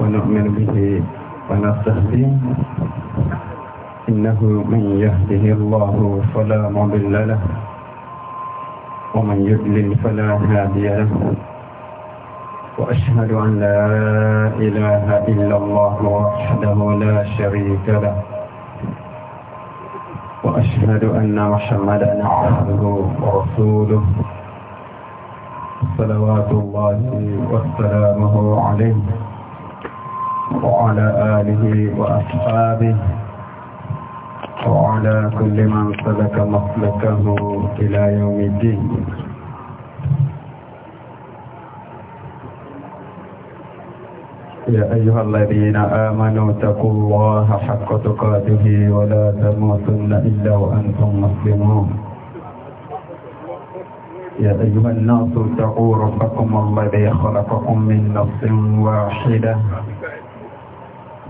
ونؤمن به ونستهديه إنه من يهده الله فلا مضل له ومن يضلل فلا هادي له وأشهد أن لا إله إلا الله وحده لا شريك له وأشهد أن محمدا عبده ورسوله صلوات الله وسلامه عليه وعلى آله وأصحابه وعلى كل من سلك مسلكه إلى يوم الدين يا أيها الذين آمنوا اتقوا الله حق تقاته ولا تموتن إلا وأنتم مسلمون يا أيها الناس اتقوا ربكم الذي خلقكم من نفس واحدة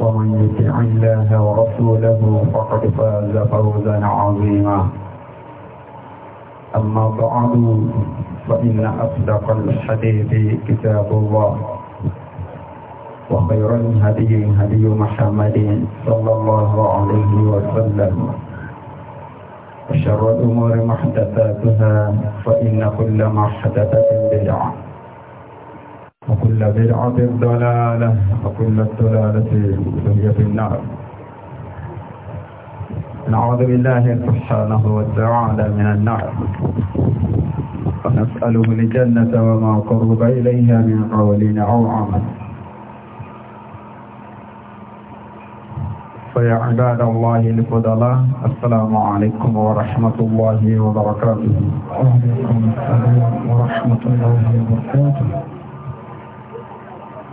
ومن يطع الله ورسوله فقد فاز فوزا عظيما أما بعد فإن أصدق الحديث كتاب الله وخير الهدي هدي محمد صلى الله عليه وسلم وشر الأمور محدثاتها فإن كل محدثة بدعة وكل بدعة ضلالة وكل الضلالة هي في النار نعوذ بالله سبحانه وتعالى من النار ونسأله الجنة وما قرب إليها من قول أو عمل فيا عباد الله الفضلاء السلام عليكم ورحمة الله وبركاته وعليكم السلام ورحمة الله وبركاته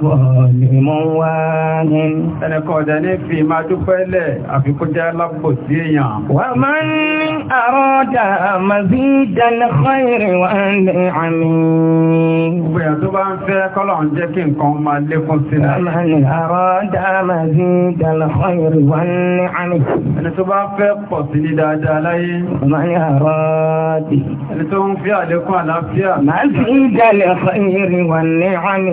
bọ̀ọ̀lìmọ̀ wá ní. Ẹnìkọ̀ọ̀dẹ̀ ní fi máa dúpẹ́ lẹ̀ àfikúnjẹ́ lápò sí èèyàn. Wà máa ń ní àrọ́dà màzíjà ní kọ́ìrì wà ní àmì. Gbìyàn tó bá ń fẹ́ kọ́lọ̀ ń jẹ́ sí náà. fẹ́ pọ̀ ní àmì.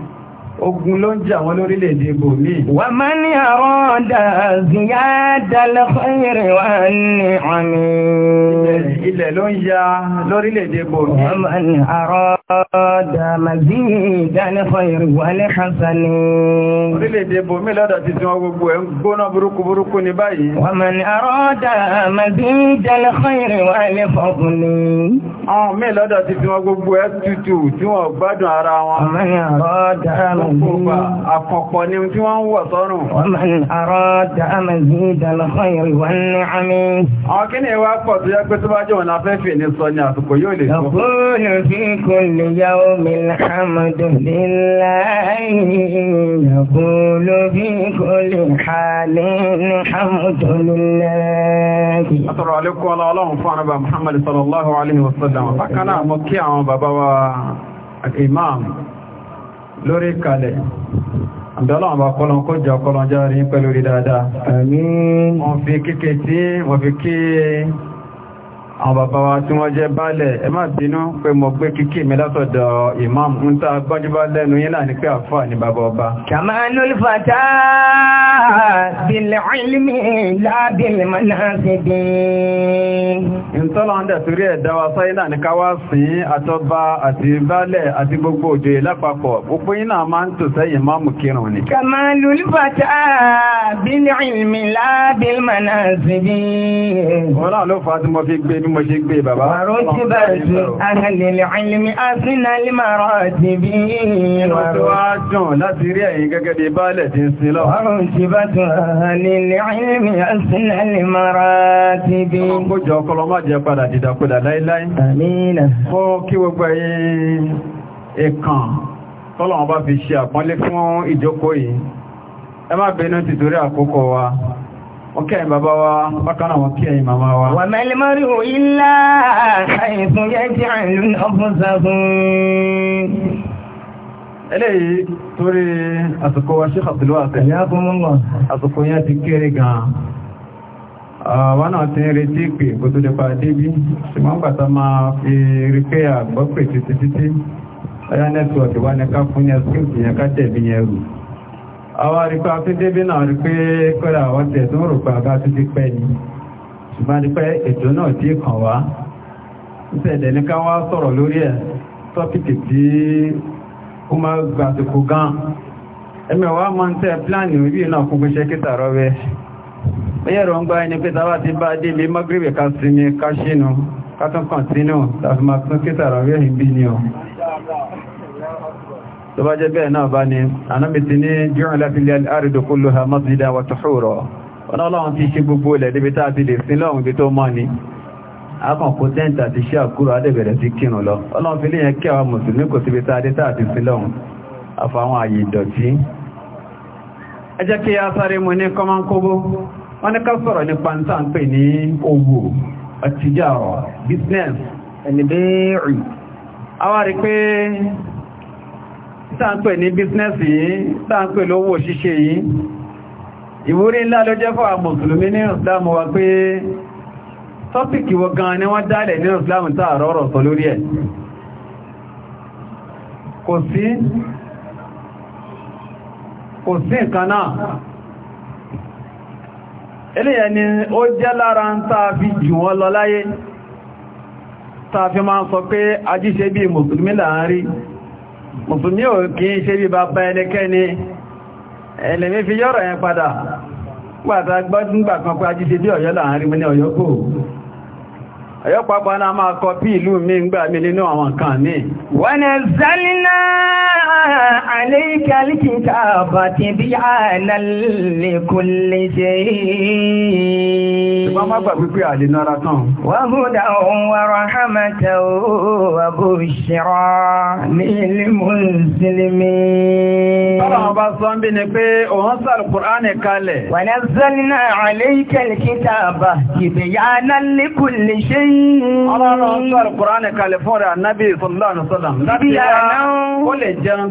ogun ló ń jà wọn lórílẹ̀-èdè bòmí. wà á máa ní àrọ́ ọ̀dà zìyà dalẹ̀ fẹ́rẹ̀ wà ní ọ̀nì. ilẹ̀ ló ń ya lórílẹ̀-èdè bòmí. wà á máa ní àrọ́. Ọ̀dà Màzídà ní Fọ́yìrì wà ní Hassan. Orílẹ̀-èdè Bòmí lọ́dọ̀ ti tí wọ́n gbogbo ẹ̀ ń gbóná burúkú burúkú ní báyìí. Wọ́n mọ̀ ní àrọ́dà Màzídà ní Fọ́yìrì wà ní Fọ́kùn ní. Àwọn mí lọ́dọ̀ ti tí wọ́n gbogbo ẹ̀ tútù tí wọ́n gbádùn ara wọn. Wọ́n mọ̀ ní àrọ́dà Màzídà. Àkọ̀pọ̀ ni tí wọ́n ń wọ̀ sọ́rùn. Wọ́n mọ̀ ni ìwà pọ̀ ní اليوم الحمد لله نقول في كل حال الحمد لله Àtọ̀rọ̀ àlékún ọlá ọlọ́run fún àrẹ́bà Muhammad sallallahu alaihi wasallam. Bákanáà mọ́ kí àwọn bàbá wa imam lórí kalẹ̀. Àdọ́lọ́wọ̀n bá kọlọ̀ kó jẹ ọkọlọ̀ jẹ́ rí pẹ̀lú rí dáadáa. Àmín. Wọ́n fi kíkẹ́ tí wọ́n fi kí àwọn bàbá wa tí wọ́n jẹ́ baálẹ̀ ẹ má bínú pé mo gbé kíkì mi imam ń ta gbọ́júbá lẹ́nu yínà ní pé àfà ní bàbá ọba kamalul ilmi la bil manasibi ń tọ́lọ ń dẹ̀túrí ẹ̀dá wa sáyé náà ní káwá sí àtọ́bá àti baálẹ̀ àti gbogbo òjò lápapọ̀ gbogbo yínà máa ń ilmi la bil manasibi wọ́n náà ló fa tí mo fi gbé ní mo ṣe gbé bàbá. Àrò ti bẹ̀rẹ̀ sí àrẹ̀lẹ̀lẹ̀ àìlèmí àfínà límàrà ti bí ìrọ̀. Ó wá dùn láti rí ẹ̀yin gẹ́gẹ́ bí báálẹ̀ ti ń sin lọ. Àrò ti bá tún àrẹ̀lẹ̀lẹ̀ àìlèmí àfínà límàrà ti bí. Ọkójọ ọkọlọ má jẹ padà dìdàkudà láíláí. Àmínà. Ọkẹ́ bàbá wa, bákanáà wọn kí ẹ̀yin màmá wa. Wà mẹ́lẹ̀ mọ́rí ò ilá àìfún yẹ́ jẹ́ ìlú ọgbọ́nsàgún. Eléyìí torí àsìkò wa Sheikh Abdul Wasiu. Ẹ̀yà fún mọ́ àsìkò yẹn ti kéré gan-an. Àwọn náà ti ń retí pé kò tó lè pàdé bí, ṣùgbọ́n gbàtà máa fi rí pé àgbọ́pẹ̀ títí títí. àwọn àríkọ́ àtúndébí náà rí pé kọ́lá etu tẹ̀ tó rò pé àbá tún ti pẹ́ ni ṣùgbọ́n ní pé ètò náà tí kàn wá ìṣẹ̀lẹ̀ ní ká wá sọ̀rọ̀ lórí ẹ̀ tọ́pìkì tí ó máa gbàtìkù gan ẹmẹ̀wàá máa ń tẹ́ pláàni orí náà kún gbéṣẹ́ kíta rọ́wẹ́ ẹyẹ́rọ ń gbá ẹni pé tàbá ti ká tún kàn sínú tàbí máa tún ọ tó bá jẹ́ bẹ́ẹ̀ náà bá ní anábìtì ní jíọ̀n láfílẹ̀ àrídò kó ló ha masjida wa tuhura ọ̀nà ọlọ́run ti ṣe gbogbo ilẹ̀ débi tá ti lè sin lọ́run ibi tó mọ́ ni akọ̀kọ́ tẹ́ǹtà ti ṣe àkúrò adẹ́bẹ̀rẹ̀ sí kírun lọ ọlọ́run fi léyẹn kí àwọn mùsùlùmí kò síbi business ẹni bẹ́ẹ̀rì a wá rí pé tàǹpẹ̀ ní bísínẹ́sì yìí tàǹpẹ̀ lówó ṣíṣe yìí ìwúrí ńlá ló jẹ́ fún àwọn mùsùlùmí ní islam wa pé tọ́pìkì wọ gan ni wọ́n dálẹ̀ ní islam tààrọ ọ̀rọ̀ sọ lórí ẹ̀ kò sí kò sí nǹkan náà eléyẹ ni ó jẹ́ lára ń tàà fi jù wọ́n lọ láyé tàà fi máa sọ pé ajíṣẹ́ bí mùsùlùmí láàárín mùsùlùmí ò kí í ṣe bí bàbá ẹnikẹ́ni ẹlẹ́mí fi yọ́rọ̀ yẹn padà pàtà gbọ́dúngbà kan pé ajíṣe bí ọ̀yọ́ láàrin mi ní ọ̀yọ́ kò náà máa kọ bí ìlú mi ń عليك الكتاب تبيانا لكل شيء وهدى ورحمة وبشرى للمسلمين ونزلنا عليك الكتاب تبيانا لكل شيء ọlọ́run sọ alùkùránì kalẹ̀ fún rẹ̀ annabi sallallahu alaihi wasallam láti yá ó lè jẹun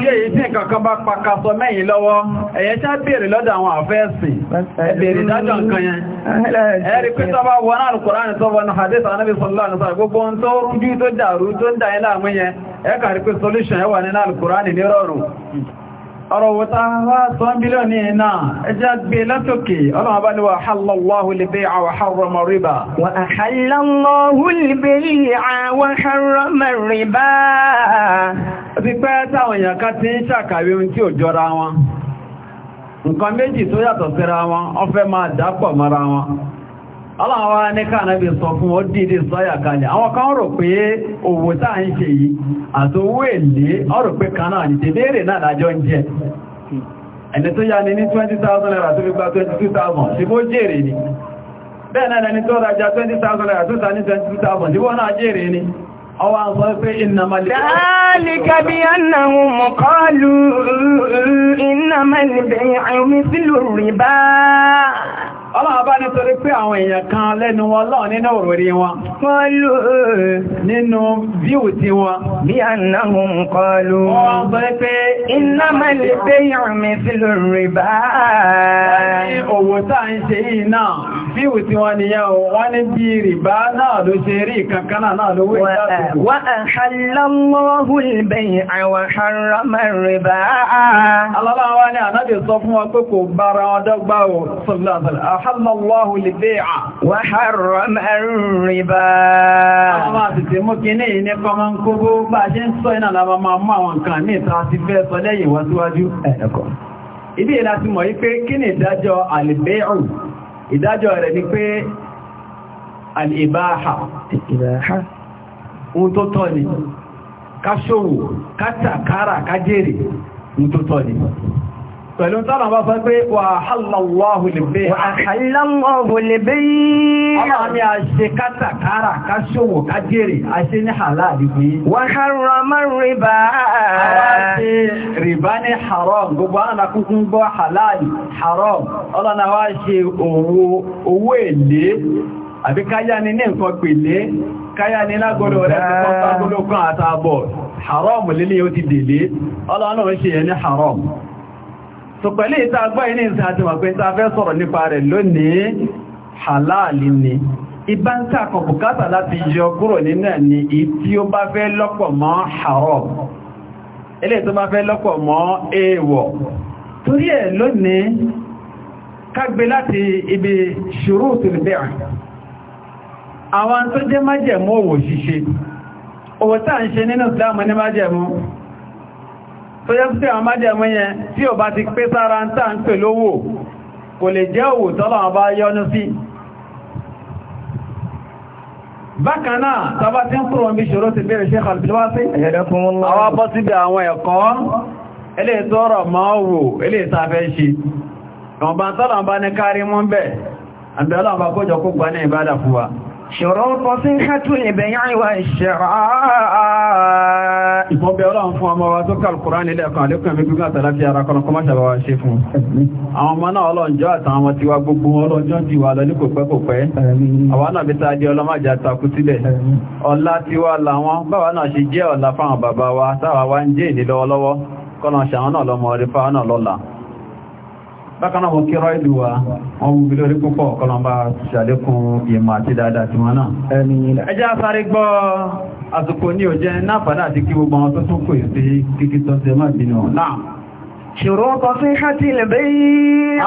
èyí tí nǹkan kan bá pakasọ mẹ́yìn lọ́wọ́ ẹ̀yẹ tí a bèèrè lọ́dọ̀ àwọn àfẹ́ẹ̀sìn ẹ̀bèèrè dájọ́ nǹkan yẹn ẹ̀rí pé tọ́bá wọ́n alùkùránì tọ́bọ̀ ní hadith anábi sallallahu alaihi wasallam gbogbo tó rújú tó dàrú tó ń dáyé láàmú yẹn ẹ̀kàrí pé solution ẹwà nínú alùkùránì nírọ̀rùn ọ̀rọ̀ wọ́ta wá tán bílọ̀ e ní ẹ̀nà ẹjá gbé látòkè ọlọ́wọ́ bá ní wà hallallahu al-bay'a wa harrama ar-riba wà hallallahu al-bay'a wa harrama ar-riba pẹ́ táwọn èèyàn ká ti ń ṣàkàwé ohun tí ò jọra wọn nǹkan méjì tó yàtọ̀ síra wọn wọ́n fẹ́ máa dápọ̀ mọ́ra wọn aláwọ̀ anẹ́kànábì sọ fún ọ dìde sọ́yà kalẹ̀ àwọn kan rò pé òwò táà ń ṣe yìí àti owó èlé ọrọ̀ pé kan náà nìtẹ̀ náà lájọ́ ń ẹni tó yá ni ní 20,000 naira tó fi 22,000 ṣe bó jèrè ni bẹ́ẹ̀ náà ẹni tó 20,000 naira tó ta 22,000 ṣe bó náà jèrè ni ọlọ́ọ̀bá nítorí pé àwọn èèyàn kan lẹ́nu wọn lọ́ọ̀ nínú òròrí wọn wọ́n lò nínú bíò tí wọn bí annahum qalu wọ́n sọ pé innamal bay'u mithlu riba owó táà ń ṣe yìí náà bíò tí wọ́n nìyẹn wọ́n ní bí rìbá náà ló ṣe rí kankaná náà ló wé wa ahalla Allahu al-bay'a wa وحل الله البيع وحرم الربا àwọn àtìtì mú kí ní ìní kọmọ ń kó bó bá ṣe ń sọ iná lábá máa mọ́ àwọn nǹkan ní ìta ti fẹ́ sọ lẹ́yìn wá síwájú ẹ̀ẹ̀kọ́ yi ìlà ti mọ̀ wípé kí ni ìdájọ́ al-bay'u ìdájọ́ rẹ̀ ni pé al ni ni pẹ̀lú tọ́nà bá fẹ́ pé wà hálàláwò lè bẹ́ hálàláwò lè bẹ́ ọmọ mi a ṣe kátàkárà ká ṣòwò ká jèrè a ṣe ní halali bí wà harama rìbá ṣe rìbá ní haram gbogbo ana kúkú gbọ́ halali haram ọlọ́nà wá ṣe owó èlé àbí káyá ni ní nǹkan pèlé káyá ni lágbọ́dọ̀ rẹ̀ tó kọ́ haram lélé ó ti dèlé ọlọ́nà ó ṣe yẹ ní haram so pẹ̀lú ìta agbá iní ìsìn àti wà pé ta fẹ́ sọ̀rọ̀ nípa rẹ̀ lónìí halali ni ibá ń tàkọ̀ bùkátà láti yọ kúrò nínú ni tí ó bá fẹ́ lọ́pọ̀ mọ́ haram ilé tó bá fẹ́ lọ́pọ̀ mọ́ èèwọ̀ torí ẹ̀ lónìí kágbé láti ibi shurutul bay' àwọn tó jẹ́ májẹ̀mú òwò ṣíṣe òwò tá à ń tó yẹ́ pé àwọn májẹ̀mú yẹn tí ò bá ti pé sára ń tà ń pè lówó kò lè jẹ́ òwò tọ́lọ̀wọ́n bá yọ́nú sí bákanáà tàbá tí ń kúrò ń bí ṣòro ti bèèrè ṣe kàlùfíwáṣí àwọn bọ́ síbi àwọn ẹ̀kọ́ ilé tọ́rọ̀ máa wò ilé ìtafẹ́ ṣe ìwọ̀nbá tọ́lọ̀ bá ní kárí mú bẹ́ẹ̀ ṣòro pọ̀ sí ṣẹ́tù ìbẹ̀yàn ìwà ìṣẹ̀rọ ìfọ́bẹ̀ ọlọ́run fún ọmọ wa tó kà Al-Kùránì nílẹ̀ kan lẹ́kùn ẹ̀mí gígùn àtàláfíà ara kan kọmọ́ ṣàbáwá ṣe fún àwọn ọmọ náà ọlọ́njọ́ àtàwọn tiwa gbogbo ọlọ́njọ́ ti wà lọ ní kò pẹ́ kò pẹ́ àwọn náà bí sáà tiwa làwọn báwa náà ṣe jẹ́ ọlá fáwọn bàbá wa táwa wá ń jẹ́ ìnílọ́wọ́lọ́wọ́ kọ́nà ṣàwọn náà lọ́mọ ọdí bákaná wọn kí rọ́ ìlú wa wọn wù lórí púpọ̀ kọlọmbà ṣàlékún ìmọ̀ àti dáadáa tí wọ́n náà ẹjá sáré gbọ́ àsìkò ní òjẹ́ náàfàdà àti kí gbogbo àwọn tó tún kò sí kíkí tó ṣe má bínú náà شروط صحة البيع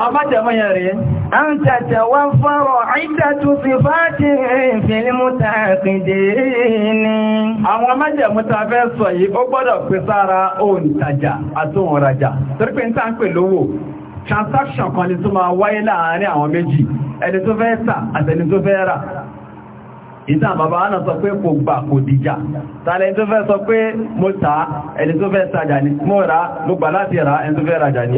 أن تتوفر عدة صفات في المتعاقدين àwọn májẹ̀mú ta fẹ́ sọ yìí ó gbọ́dọ̀ pèsára òǹtajà àtúnrajà torípé ń tàà ń pè lówó transaction kan ni tó máa wáyé láàárín àwọn méjì ẹni tó fẹ́ tà àtẹni tó fẹ́ rà ìtàn bàbá ánà sọ pé kò gbà kò dìjà tààlẹ̀ tó fẹ́ sọ pé mo tà ẹni tó fẹ́ tajà ní mo rà mo gbà láti rà ẹni tó fẹ́ rajà ní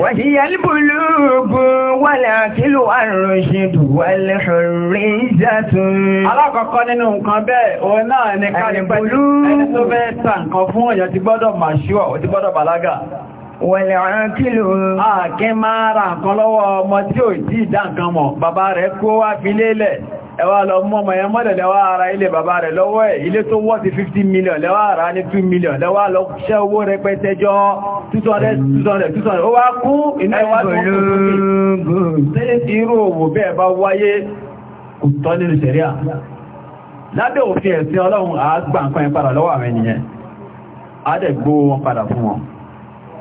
Wẹ̀lẹ̀ ọ̀rán kí ló rú? A kí máa ra nǹkan lọ́wọ́ ọmọ tí ò jí ìdá nǹkan mọ̀, bàbá rẹ̀ kó wá fi lélẹ̀, ẹwà lọ mọ́ ọmọ yẹn mọ́lẹ̀ lẹ́wà ara ilé bàbá rẹ̀ lọ́wọ́ ẹ̀, ilé tó wọ́ ti 50 million lẹ́wà ara ní 2 million lẹ́wà lọ ṣẹ́ owó rẹpẹtẹ jọ 200 200 200 ó wá kú ìnáwà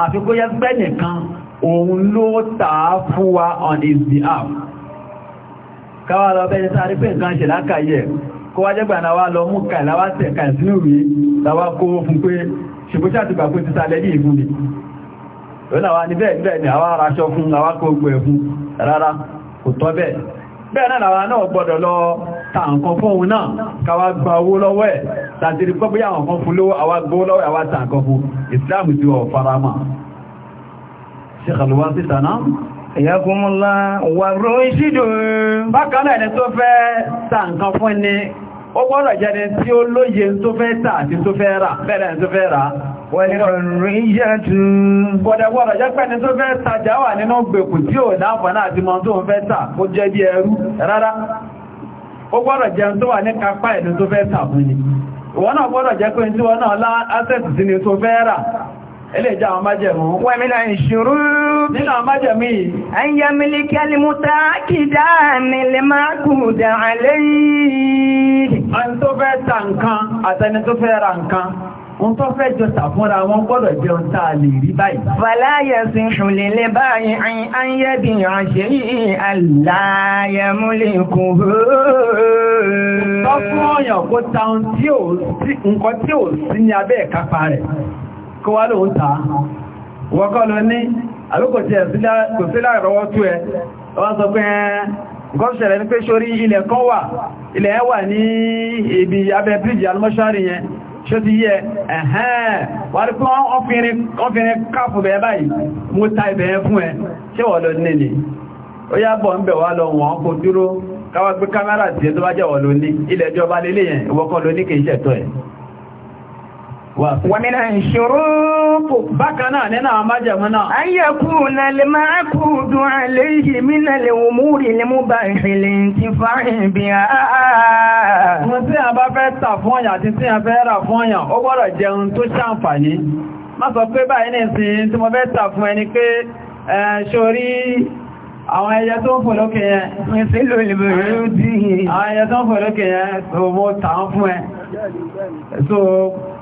àfi kó yẹ pẹ́ nìkan òun ló tàá fún wa on his behalf káwà lọ bẹ́ẹ̀ sáré pé nǹkan ṣe lákàyẹ̀ kó wájẹ́gbà náà wá lọ mú kàìlá wá tẹ̀ kàìsínú rí tàwà kó fún pé ṣùgbọ́n ṣàtìgbà pé ti sálẹ́ ní ìfún ni lọ́nà ní bẹ́ẹ̀ ni àwa aráṣọ fún àwa kó gbẹ̀ fún rárá ta nǹkan fún òun náà káwà gba owó lọ́wọ́ ẹ̀ láti rí pọ́pọ́ yàwọn kan fún lówó àwà gbówó lọ́wọ́ àwà ta fún Islam tí ó fara mọ́ ṣe kàlùwá sí tàná ẹ̀yàkùnmùlá wà rọ ìṣídò bákanáà ẹni tó fẹ́ ta nǹkan fún ni ó gbọ́dọ̀ jẹ́ni tí ó lóye tó fẹ́ tà àti tó fẹ́ rà bẹ́ẹ̀rẹ̀ tó fẹ́ rà ó gbọ́dọ̀ jẹun tó wà ní kápá ẹ̀lú tó fẹ́ tàbùn ni wọ́n náà gbọ́dọ̀ jẹ́ pé tí wọ́n náà lá asẹ́sì sí ni tó fẹ́ rà ẹlẹ́jà àwọn májẹ̀mú wọ́n mi nínú àwọn májẹ̀mú yìí ayé mílíkì alìmúta kìdá nílẹ̀ máa kùdà àlẹ́yìí Wọ́n tó fẹ́ jọ tàfúnra wọn gbọ́dọ̀ jẹ́ ohun tá a lè rí báyìí. Fàláyà sí ṣùlélé báyìí ayẹ́bí ọ̀ṣẹ́ yìí aláyẹmúlẹ̀ kò hó. Sọ fún ọ̀yàn kó ta ohun tí ò sí nǹkan tí ò sí ní abẹ́ ìkápá rẹ̀. Kó wá lóun ta. Wọ́kọ́ lọ ní àbíkò tí ẹ̀ kò sí láàrọwọ́ tú ẹ. Wọ́n sọ pé nǹkan ṣẹlẹ̀ ní pé sórí ilẹ̀ kan wà, ilẹ̀ wà ní ibi abẹ́ bíríjì almọ́ṣárì yẹn. ṣe ti yẹ ẹ̀hẹ́n wà rí pé wọ́n fi rin káàfù bẹ̀ báyìí mú ta ibẹ̀ fún ẹ ṣe wọ́n lọ ni ó yá bọ̀ ń bẹ̀ wá lọ wọ́n kò dúró káwà gbé kámẹ́rà tí ẹ tó bá jẹ́ wọ́n lóní ilẹ̀ lélẹ̀ yẹn ومن الشروط بكنا لنا مجمنا أن يكون عليه من الأمور المباح الانتفاع بها sọ àwọn ẹyẹ tó ń yẹn.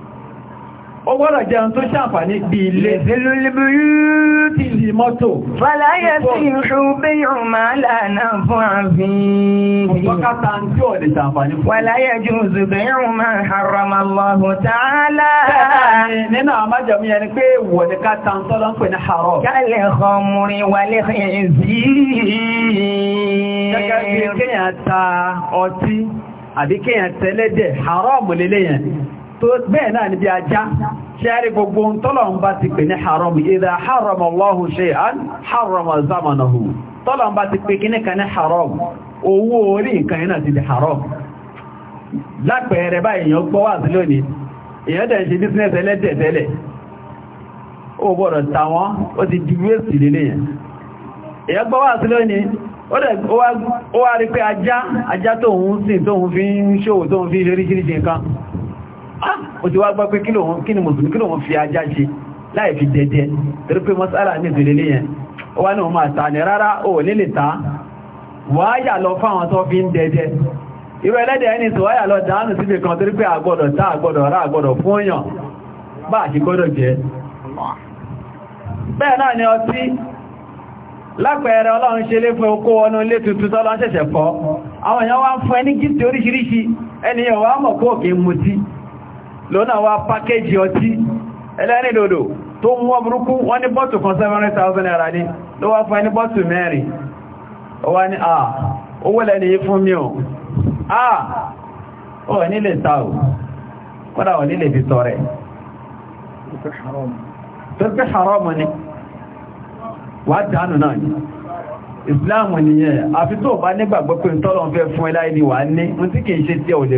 ó gbọ́dọ̀ jẹun tó ṣàǹfàní bí ilé ti sí mọ́tò fàláyé sí ṣùgbé ìrùmà lànà fún àfin ọ̀pọ̀kátà ń tí ọ̀dẹ̀ ṣàǹfàní fún wàláyé jù ṣùgbé ìrùmà haramallahu ta'ala nínú àmájọmí ẹni pé wọ̀dẹ̀kátà ń tọ́lọ́ ń pè ní haram kálẹ̀ tó bẹ́ẹ̀ náà níbi ajá ṣẹ́rí gbogbo tọ́lọ̀ bá ti pè ní haram idha harama Allahu shay'an harama zamanahu bá ti pè ní haram owó orí nǹkan iná ti di haram lápẹẹrẹ báyìí èèyàn lónìí èèyàn dẹ̀ wá rí pé ajá fi ń Ah, ojú wá gbọ́ pé kí lòun kí ni kí lòun fi ajá ṣe láì fi dẹ̀dẹ̀ torí pé masala ní ìdílé yẹn ó wá ní òun máa ní rárá ò nílè ta wáyà lọ fáwọn tó fi ń dẹ̀dẹ̀ irú ẹlẹ́dẹ̀ ẹni tó wáyà lọ kan ni lápẹẹrẹ ọlọ́run ṣe lé fún okó àwọn èèyàn wá fún ẹni lọ́nà wá pákéjì ọtí ẹlẹ́rìndòdò tó mú ọmọrúkú wọ́n ní bọ́tù kan 7,000 naira ní ló wá fún ẹni bọ́tù mẹ́rin wá ní à ah, owó lẹ́ni yí fún mi ò à ò nílé sáà kọ́dà ò nílé ni wà dánù náà ni ìsìláàmù nìyẹn àfi tó bá nígbàgbọ́ pé tọ́lọ̀ fẹ́ fún ẹláì ni wà ní mú tí kìí ṣe tí ò lè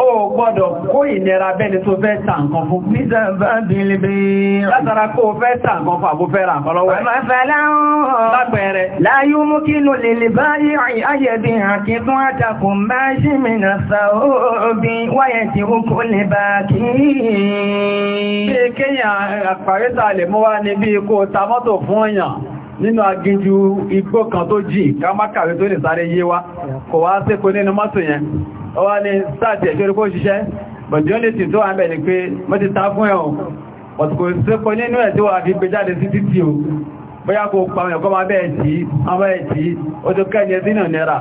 ó gbọ́dọ̀ kó ìnira bẹ́ni tó fẹ́ tà nǹkan fún. Níta bá bìlì bí i. Látara kó fẹ́ tà nǹkan fún àbúfẹ́ ra nǹkan lọ́wọ́. Ọmọ fẹ́lá ọ̀hún. Lápẹẹrẹ. Láyú mú kí ló lè lè bá ayẹ̀bí àti tún àtàkùn bá ṣì mìíràn sa òbí wáyẹ̀ tí ó kó lè bá kí. Bí kéèyàn àpàrítà lè mú wá níbi ikú ta mọ́tò fún èèyàn. nínú aginjù igbó kan tó jì ká mákàrí tó lè sáré yé wá kò wá sépo nínú mọ́tò yẹn ó wá ní sáàtì ẹ̀ṣọ́rí kó ṣiṣẹ́ bọ̀dí ó tó wà ń bẹ̀ ni pé mo ti ta fún ẹ̀ o ọ̀tùkò sépo nínú ẹ̀ tí wà fi gbé jáde sí títì o bóyá kò pa ọ̀yàn kọ́ máa bẹ́ẹ̀ tí ọmọ ẹ̀ tí ó tó kẹ́ni sínú ìnira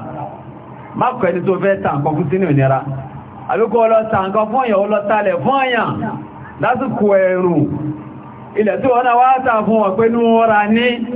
má kọ́ ẹni tó fẹ́ tàn kan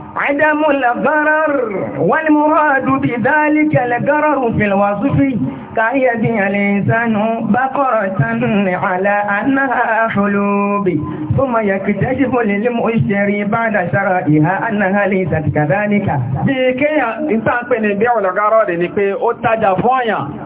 عدم الغرر والمراد بذلك الغرر في الوصف كيدي الإنسان بقرة على أنها حلوب ثم يكتشف للمشتري بعد شرائها أنها ليست كذلك. Bí kí ìtàpẹ̀ ni bí ọ̀nà gárọ̀ rẹ̀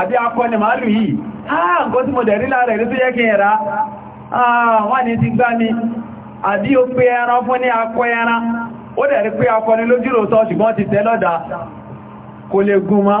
àbí akọni màálù yìí ah nǹkan tí mo dẹ̀rí lára ẹ̀rí tó yẹ kí ẹ̀rá ah, wọ́n ni ti gbá mi àbí o pé ẹran fún ní akọ ẹran ó dẹ̀rí pé akọni lójúrò tọ́ ṣùgbọ́n ti tẹ́lọ́dà kò lè gùn mọ́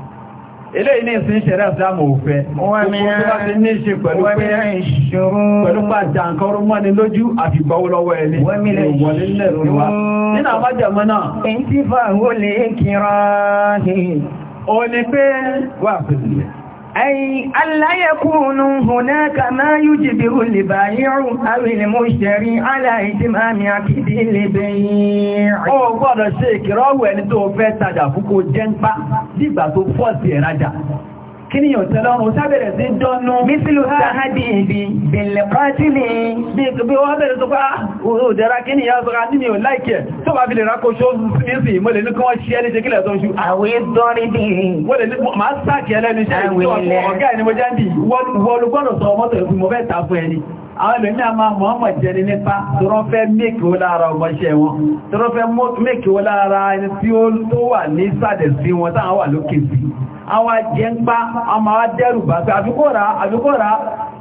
ilé ilé ìsìn ṣẹ̀rẹ́ ìsìlámù òfẹ́ pẹ̀lú pàjá nǹkan orú mọ́ni lójú àti gbọ́wó lọ́wọ́ ẹni ìwọ̀lé lẹ́rùn wa nínú àwájẹ̀mọ́ náà èyí tí fà ń wó lè kíra أي ألا يكون هناك ما يجبر البائع أو المشتري على إتمام عقد البيع ó gbọ́dọ̀ ṣe ìkìrọ̀wẹ̀ ní tó fẹ́ tajà fún jẹ́ ń pa dìgbà tó fọ́ọ̀sì ẹ̀rajà kíníyàn tẹ́lọ́run sábẹ̀rẹ̀ sí dọ́nú mísílù sáhádì ibi bèèlè pàtílì bí i bí wọ́n bẹ̀rẹ̀ tó bá ah, òdẹ́ra kíníyàn sọ́ra ah, nínú ò láìkẹ̀ tó bá fi lè rákò ṣó mísì mọ́lẹ̀ ní kí wọ́n ṣe ẹlẹ́ṣẹ́ kílẹ̀ tó ń ṣú àwẹ́ dọ́rin bí i wọ́lẹ̀ ní máa sáàkì ẹlẹ́ni ṣe ọ̀gá ẹni mo jẹ́ ń bí wọ́lùgbọ́nà sọ ọmọ́tọ̀ ìfún mo fẹ́ ta fún ẹni àwọn ẹlòmí àmà mọ́mọ̀ jẹni nípa tọ́rọfẹ́ mẹ́kì ó lára ọmọṣẹ́ wọn tọ́rọfẹ́ mẹ́kì ó lára ẹni tí ó wà ní sàdẹ̀ sí wọn táwọn wà lókè sí àwọn jẹ ń deruba ọmọ wa dẹ́rù bá pé àfikóra àfikóra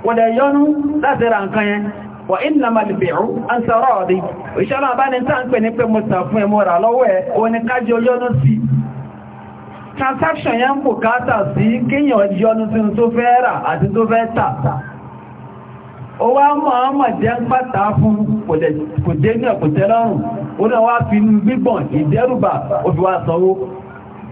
wọ́dẹ̀ yọnú láti ra nǹkan yẹn wà ìnàmà lèbèrú an sọ̀rọ̀ ọ̀dí ìṣọ́lá bá ní tàà ń pè ní pé mo tàn fún ẹmọ́ rà lọ́wọ́ ẹ̀ o ní kájọ yọnú sí transaction yẹn ń bùkátà sí kíyàn yọnú sí tó fẹ́ rà àti tó fẹ́ tà fi gbígbọ̀n ìdẹ́rùbà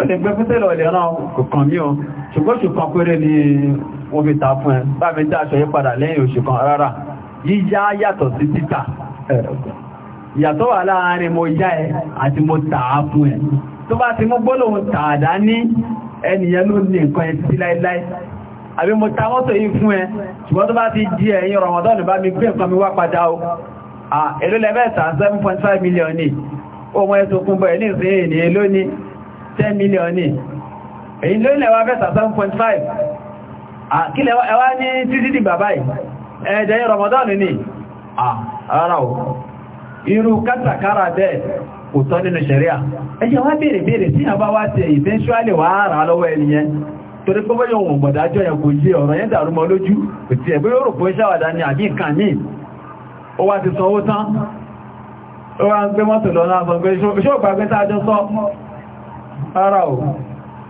ọ̀tí gbé fúnṣẹ́ lọ ilẹ̀ náà kọ̀kan mí ṣùgbọ́n ṣùkan péré ni wọ́n fi ta fún ẹ bá mi dá aṣọ yí padà lẹ́yìn oṣù kan rárá yíyá yàtọ̀ sí títà yàtọ̀ wà láàárín mo yá ẹ àti mo tà á fún ẹ tó bá ti mú gbólóhùn tààdá ní ẹnìyàn ló mo ta mọ́tò yìí fún ẹ ṣùgbọ́n tó bá ti di ẹ̀yìn rọmọdọ́nù bá mi gbé nǹkan mi wá padà o èlò lẹ́bẹ̀ẹ́ta 7.5 million ní ní 10 million ní lo ló lẹ́wà bẹ́sà 7.5 kí ewa ni títí di bàbá yìí ẹ̀ẹ́dẹ̀ Ramadan ní ara ò irú kátàkárà bẹ́ẹ̀ kò tọ́ shari'a ṣẹ̀ríà ẹjẹ́ wá bèèrè bèèrè tí aba wa ti eventually wà rà lọ́wọ́ ẹniyẹn torí pé bọ́yọ̀ wọn gbọ̀dájọ́ yẹn kò yí ọ̀rọ̀ yẹn dàrú mọ́ lójú kò tí ẹ̀bẹ́ yóò rò pé ni àbí nǹkan míì ó ti sanwó ara ò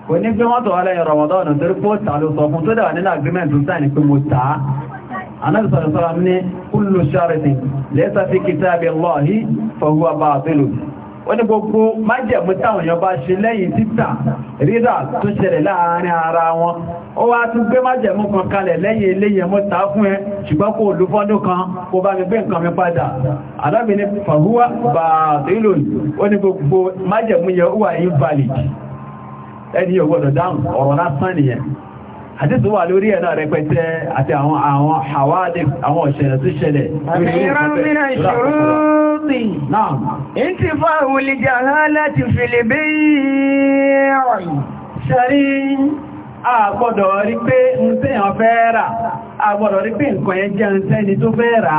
kò ní gbé mọ́tò wà lẹ́yìn Ramadan torí pé ó tà ló sọ fún tó dẹ̀wà nínú agreement tó sáì ní pé mo tàá anábì sọ̀rọ̀ sọ̀rọ̀ ní kullu shartin laysa fi kitabillahi fahuwa wọ́n ní gbogbo májẹ̀mú táwọn èèyàn bá ṣe lẹ́yìn títà rírà tó ṣẹlẹ̀ láàárín ara wọn ó wá tún gbé májẹ̀mú kan kalẹ̀ lẹ́yìn eléyẹn fún ẹ ṣùgbọ́n kò lú kan kò bá mi gbé nǹkan mi padà alábi ni bá rílò ó ní gbogbo májẹ̀mú yẹn ó wà invalid ẹni dáhùn ọ̀rọ̀ lásán nìyẹn wà lórí ẹ̀nà rẹpẹtẹ àti àwọn àwọn àwọn الأرض نعم انتفاء لجهالة في البيع شريع àgbọ́dọ̀ rí pé ń tẹ́yàn fẹ́ rà àgbọ́dọ̀ rí pé nǹkan yẹn jẹun tẹ́ni tó fẹ́ rà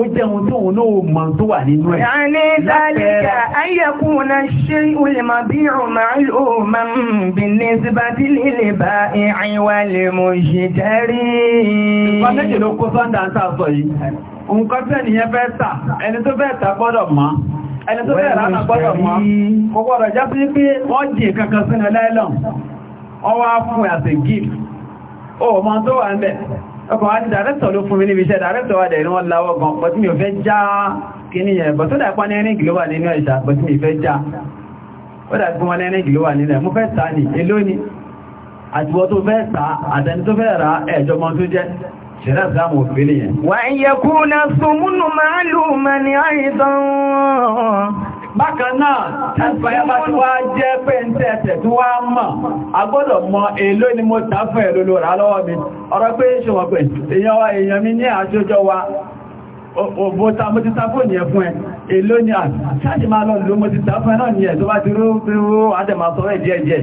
ó jẹun tó òun náà mọ̀ tó wà nínú ẹ̀ yàní ìdálẹ́gà ayẹ́kùnà ṣe olèmọ̀ bí ọmọ bí nǹkan tí ènìyàn fẹ́ tà ẹni tó fẹ́ tà gbọ́dọ̀ mọ̀ ẹni tó fẹ́ ránà gbọ́dọ̀ mọ̀ kò gbọ́dọ̀ já sí pé wọ́n jì kankan sínú lẹ́lọ́n ọwá fún àti gift o mọ́ tó wà ń bẹ̀ ọkọ̀ wá ní dàrẹ́tọ̀ ló fún mi níbi iṣẹ́ dàrẹ́tọ̀ wà dẹ̀ ní wọ́n láwọ́ gan pọ̀tí mi ò fẹ́ já kíní yẹn bọ̀ tó dà pọ́n ní gìlówà nínú ẹ̀ṣà pọ̀tí mi fẹ́ já ó dà pọ́n ní gìlówà nínú ẹ̀ mú fẹ́ tà ní elóní àtiwọ́ tó fẹ́ tà àtẹni tó fẹ́ ra ẹ̀jọmọ́ tó jẹ́ ṣẹ̀dá ìsáàmù òfin nìyẹn. wà á yẹ kú na sọmúnù máa lù mà ní àìsàn. bákan náà tàbí bá tí wá jẹ́ pé ń tẹ̀ẹ̀tẹ̀ tí wá mọ̀ a gbọ́dọ̀ mọ èlò ni mo ta òbò ta mo ti ta fún ìyẹn fún ẹ èlò ni àti ṣáàṣì máa lọ lò mo ti ta fún ẹ náà ni ẹ̀ tó bá ti rú adẹ̀mà sọ́rọ̀ ìdíẹ̀díẹ̀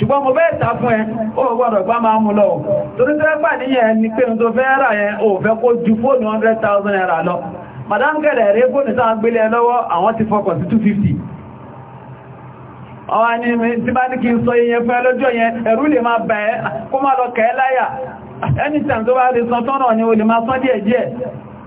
ṣùgbọ́n mo bẹ́ẹ̀ ta fún ẹ ó gbọ́dọ̀ gbá máa mú lọ torí tẹ́rẹ́pà níyẹn ni pé n tó fẹ́ rà yẹn ò fẹ́ kó ju fóònù 100,000 naira lọ madam gẹ̀rẹ̀ rẹ̀ fóònù sáà gbélé lọ́wọ́ àwọn ti fọkàn sí 250 ọwá tí bá ní kí n sọ yẹn ẹ̀rú lè máa bẹ̀ẹ́ kó má lọ láyà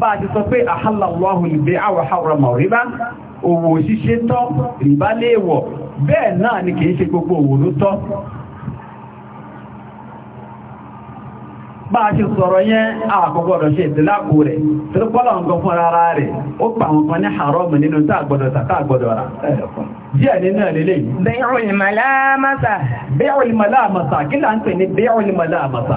bá ti sọ pé àhàlàwọ̀ ìbẹ́ àwọ̀háwọ̀rọ̀mọ̀ ríbá òwò ṣíṣe tọ́ ríbá léèwọ̀ bẹ́ẹ̀ náà ni kìí ṣe gbogbo òwò ló tọ́ bá a ṣe sọ̀rọ̀ yẹn àkọ́gbọ́dọ̀ ṣe ìtìlákò rẹ̀ tìrìpọ́lọ̀ nǹkan fún ara rẹ̀ ó pa àwọn kan ní haramu nínú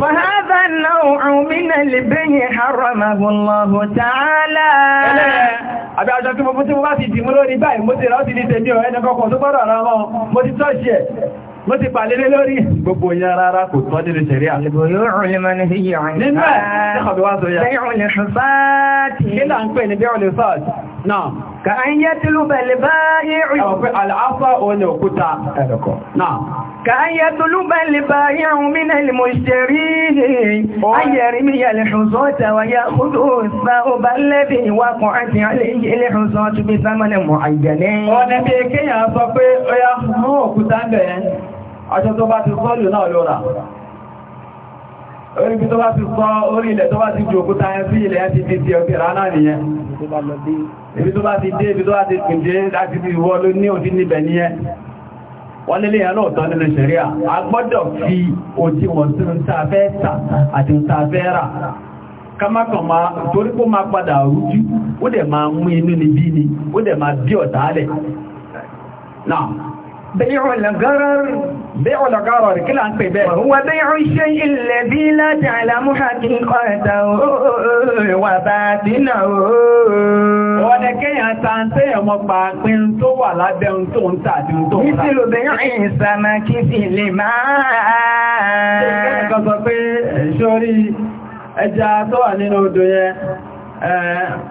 فهذا النوع من البي حرمه الله تعالى Àbí aṣọ tí mo fún tí mo bá ti dìmú lórí báyìí, mo ti rá ó ti ní tèmi ọ̀ ẹni kọkọ̀ tó gbọ́rọ̀ ara wọn, mo ti tọ́ṣì ẹ̀, mo ti pàlélé lórí gbogbo ìyẹn rárá kò tọ́ nínú ṣẹ̀rí àgbẹ̀gbẹ̀ yóò rùn ní mẹ́rin sí yìí rìn. Nínú ka an yẹ tílú bẹ̀lẹ̀ bá ìrìn ọ̀pẹ́ al'afa òní òkúta ẹ̀rẹ̀kọ́ náà ka an yẹ tílú bẹ̀lẹ̀ bá ìrìn mínà ilmọ̀ṣẹ̀rí ayẹ̀rí mi yà lè ṣùzọ́ tàwà ya kúrò sa ó bá lẹ́bí ìwakùn àti ilé ṣùzọ́ tó bí sámọ́lẹ̀ mọ̀ àìjẹ̀lẹ́ orí tó bá ti sọ orí ilẹ̀ tó bá ti jù òkúta ẹ sí ilẹ̀ ti fi ti ọkẹ̀ nìyẹn ibi tó bá ti dé ibi tó bá ti pìndé láti ti wọ́ ló ní òfin níbẹ̀ nìyẹn wọ́n nílé yẹn lóòtọ́ nínú ṣẹ̀ríà a gbọ́dọ̀ fi àti بيع الغرر بيع الغرر كلا عن بيع هو بيع الشيء الذي لا تعلم حقيقته وباطنه ولكن أتانتي مباقين توا لدن تون تاتين تون مثل بيع السمك في الماء كذا بيع شوري ẹja tó wà nínú odò yẹn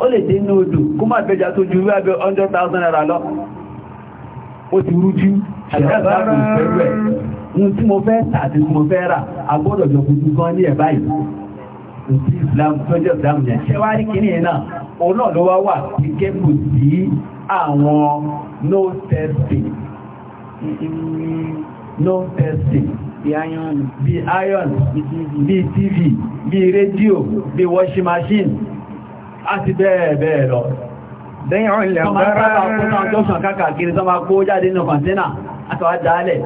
ó lè dé inú odò kó má gbẹja tó ju wẹ́gbẹ́ 100,000 naira lọ ó ti rújú ṣẹ̀dáàbù pẹ̀lú ẹ̀ ní tí mo fẹ́ tàbí mo fẹ́ rà agbọ́dọ̀ jọ kùtù gan ní ẹ̀ báyìí tí Islam tọ́jọ́ Islam yẹn ṣẹ́wárí kìíní yẹn náà òun náà ló wá wà ní kẹ́kù sí àwọn no testing no testing bí iron bí tv bí rédíò bí washing machine àti bẹ́ẹ̀ bẹ́ẹ̀ lọ Dẹ́yìn ọ̀lẹ̀ ọ̀gbẹ́rẹ́ ọ̀pọ̀ta ọjọ́sùn kákàkiri tó máa kó jáde nínú kọ̀ntínà àtàwà dálẹ̀.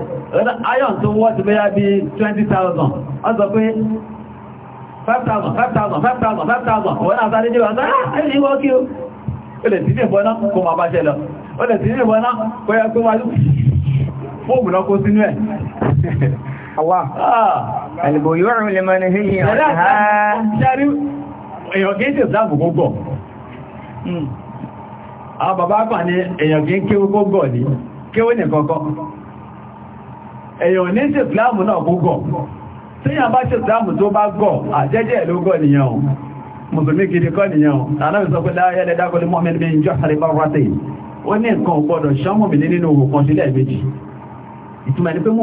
Iron tó wọ́n ti bẹ́yà bí 20,000. Wọ́n sọ pé 5,000, 5,000, 5,000, 5,000. Wọ́n náà sáré jẹ́ wọ́n sáré, ẹni ìwọ́ kí o. Ó lè tí ní ìbọn náà kó máa bá ṣẹlẹ̀. Ó lè tí ní ìbọn náà kó yẹ kó máa fóòmù náà kó sínú ẹ̀. Allah, ẹ̀lùbò yóò rùn lè mọ́ èyàn kí ń tẹ̀ sáàbù gbogbo àwọn bàbá kan ní èyàn kí ń kéwú gbogbo ní kéwú ní kọ́kọ́ èyàn ní sí ìsìláàmù náà gbogbo tí yàn bá sí ìsìláàmù tó bá gọ̀ àjẹ́jẹ́ ló nìyàn mùsùlùmí gidi kọ́ nìyàn anábì sọ pé láyẹ́lẹ́ dákọlé mọ́mí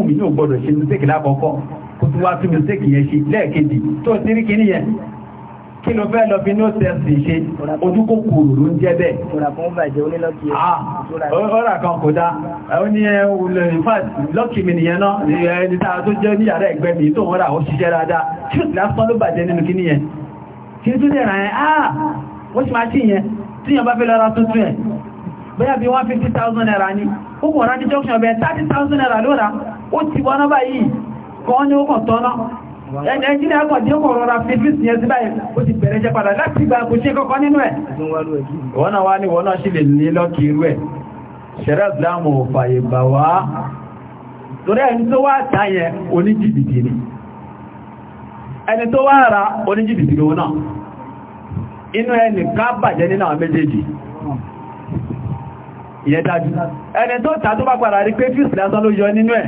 mi ṣe mistake lákọ̀ọ́kọ́ kó tún wá tún mistake yẹn ṣe kí ló fẹ́ lọ fi ní òsẹ̀sì ṣe ojú kò kòrò ló ń jẹ́ bẹ́ẹ̀. ọ̀rà kan bàjẹ́ onílọ́kì ẹ̀. ọ̀rà ah, kan kò dá ó ní ẹ̀hùn lọ́kì mi nìyẹn náà ní ẹni tàà tó jẹ́ ní yàrá ẹgbẹ́ mi tó wọ́n rà ó ṣiṣẹ́ dáadáa tí ó lásán ló bàjẹ́ nínú kí nìyẹn kí tó dẹ̀rà yẹn ah, ẹ̀ Nàìjíríà kọ̀ tí ó kọ̀ rọra fífíìsì yẹn sí báyìí, ó ti bẹ̀rẹ̀ jẹ padà láti gba kò ṣe kọ́kọ́ nínú ẹ̀. Wọ́n náà wá ní wọ́n náà sí lè ní lọ́kì irú ẹ̀. Ṣẹ̀rẹ́ ìsìláàmù ò fàyè gbà wá. Torí ẹni tó wá tà yẹn oníjìbìtì ni. Ẹni tó wá ra oníjìbìtì lòun náà. Inú ẹni ká bàjẹ́ nínú àwọn méjèèjì. Ìyẹn dájú. Ẹni tó tà tó bá padà rí pé fíìsì lásán ló yọ nínú ẹ̀.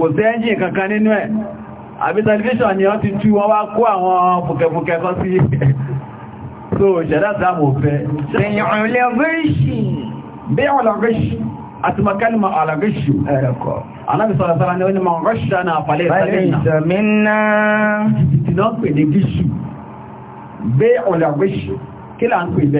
kò sí ẹ́ńjìn kankan nínú ẹ̀ àbí tẹlifíṣàn ni wọ́n ti tú wọ́n wá kó àwọn fùkẹ̀fùkẹ̀ kan sí so ṣẹ̀dá sáàmù òfẹ́ àti makalima alagashu ẹ̀rẹ̀kọ́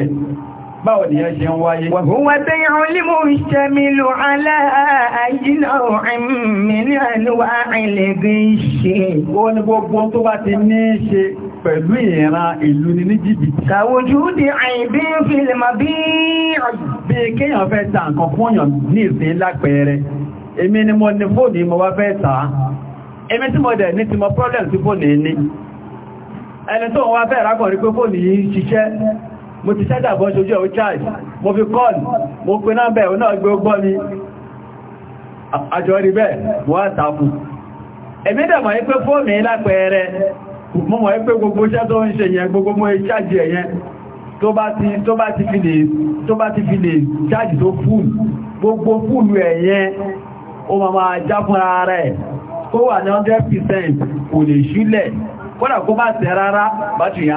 báwo ni yẹn ṣe ń wáyé. Wàhúwà bẹ́ ìrọlímù ìṣẹ́mìlò aláàáyínà òmìnirànúwà ilẹ̀gbẹ̀ ṣe. Ó ní gbogbo tó ni ní ni fóònù mo fẹ́ ta. Èmi tí mo dẹ̀ ní ti mo problem tí fóònù ní. Ẹni tó wọ́n wá fẹ́ rákọ̀ rí pé fóònù yìí ṣiṣẹ́ mo ti ṣẹ́dà bọ́ ṣojú ẹ̀wọ́ charge mo fi call mo pe náà bẹ̀ẹ̀ náà gbé ọgbọ́ ni àjọ rí bẹ́ẹ̀ wọ́n tàbù ẹ̀mí dẹ̀mọ̀ ipé fóòmì lápẹẹrẹ mo mọ̀ ipé gbogbo iṣẹ́ tó ń ṣe yẹn gbogbo mo ṣáàjì ẹ̀yẹn tó bá ti fi lè ṣáàjì tó fún gbogbo fúlù ẹ̀yẹn ó ma máa já fún ara ẹ̀ kó wà ní 100% kò lè ṣúlẹ̀ kódà kó bá tẹ̀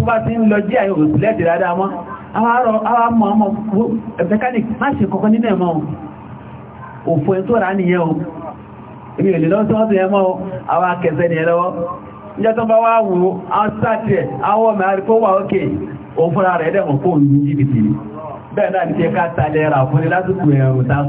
tó bá ti ń lọ jí àyè òsìlẹ́dì dáadáa mọ́ àwárọ̀ àwámọ́ ọmọ mechanic má ṣe kọ̀kan nínú ẹ̀mọ́ òfò ẹ̀ tó rà nìyẹn o èmi ìlú lọ́sọ́ọ̀sì ẹ̀mọ́ àwọn akẹsẹ̀ nìyẹn lọ́wọ́ níjẹ́ tó bá wá wù àwọn sáàtì ẹ̀ àwọn ọmọ àríkó wà ókè òfúnra rẹ̀ dẹ̀mọ̀ fóòn ní jìbìtì bẹ́ẹ̀ náà ní kí ká talẹ̀ rà fún ní lásìkò ẹ̀rùn tàà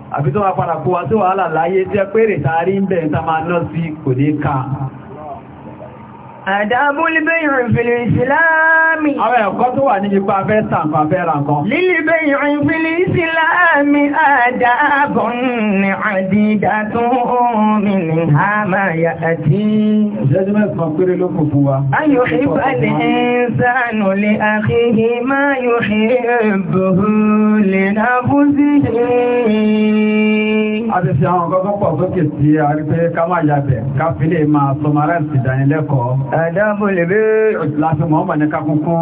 àbí tó wà padà kó wa sí wàhálà láyé tí ẹ pé rètàrí ń bẹ̀ẹ́ máa ná sí kò ní ká Àdábú líbé ìrìn fìlì ìsìláàmì. Àwọn ẹ̀kọ́ tó wà níbi pa fẹ́ sàǹfà fẹ́ ra nǹkan. Lílìbé ìrìn fìlì ìsìláàmì àdábọ̀ ní àdìdà tó omi ní àmà yà àti. Ìṣẹ́jú mẹ́sàn péré ló kò fún wa. Ayò ìbálẹ̀ ìsànù lè àkíhì máa yò ìbòhù lè náfúsí. A ti ṣe àwọn ọkọ̀ tó pọ̀ máa yàbẹ̀ Ẹ̀dábò lè bí láti mọ́ mọ̀ ní kakúnkú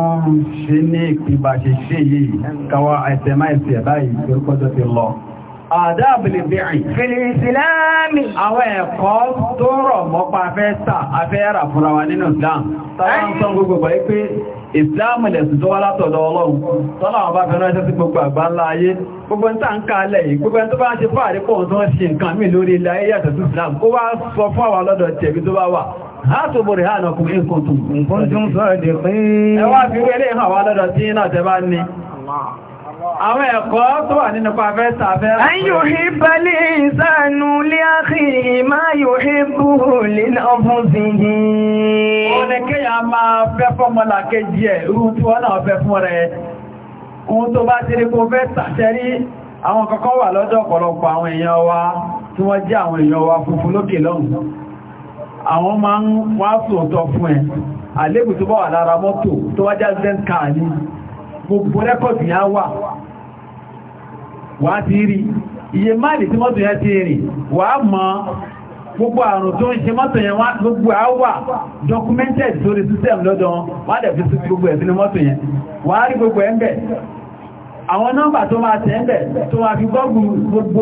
ṣe ní ìpìbà ṣe ṣe yìí káwà ẹ̀tẹ̀má ẹ̀tẹ̀ báyìí tí ó kọjọ́ ti lọ. Àdábò lè bí rìn. Fìlìsìláàmì. Àwọn ẹ̀kọ́ tó rọ̀ mọ́pa afẹ́ tà fúnra wa nínú Islam. Tọ́lá gbogbo ń tàà ń ká alẹ́ yìí gbogbo ẹni tó bá ń ṣe fáàrí pọ̀ tó ń ṣe nǹkan mí lórí ilẹ̀ ayé yàtọ̀ Islam ó wá sọ fún àwa Àtò bòrè hàn ọkùnrin nǹkan tó. Nǹkan tó ń sọ èdè pé. Ẹ wá fi wé lè hàn wá lọ́dọ̀ tí náà tẹ bá ní. Àwọn ẹ̀kọ́ tó wà nínú pàfẹ́ tàfẹ́. A balẹ̀ ìsànú lé àkì ìmá náà fún sí àwọn kọ̀kọ́ wà lọ́dọ̀ ọ̀pọ̀lọpọ̀ àwọn èèyàn wa tí wọ́n jẹ́ àwọn èèyàn wa funfun lókè lọ́hùn àwọn máa ń wá sòótọ́ fún ẹ àlébù tó bá wà lára mọ́tò tó wájá zenka ní gbogbo rẹ́kọ̀dì yá wà wà ti rí iye máàlì tí mọ́tò yẹn ti rìn wà mọ́ gbogbo àrùn tó ń ṣe mọ́tò yẹn gbogbo àwà documented sórí system lọ́dọ̀ wọ́n dẹ̀ fi sí gbogbo ẹ̀ sínú mọ́tò yẹn wà á rí gbogbo ẹ̀ ń bẹ̀ àwọn nọ́mbà tó máa tẹ́ ẹ̀bẹ̀ tó máa fi gbọ́gbù gbogbo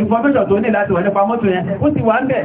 information tó ní láti wọ́n nípa mọ́tò yẹn ó ti wà ń bẹ̀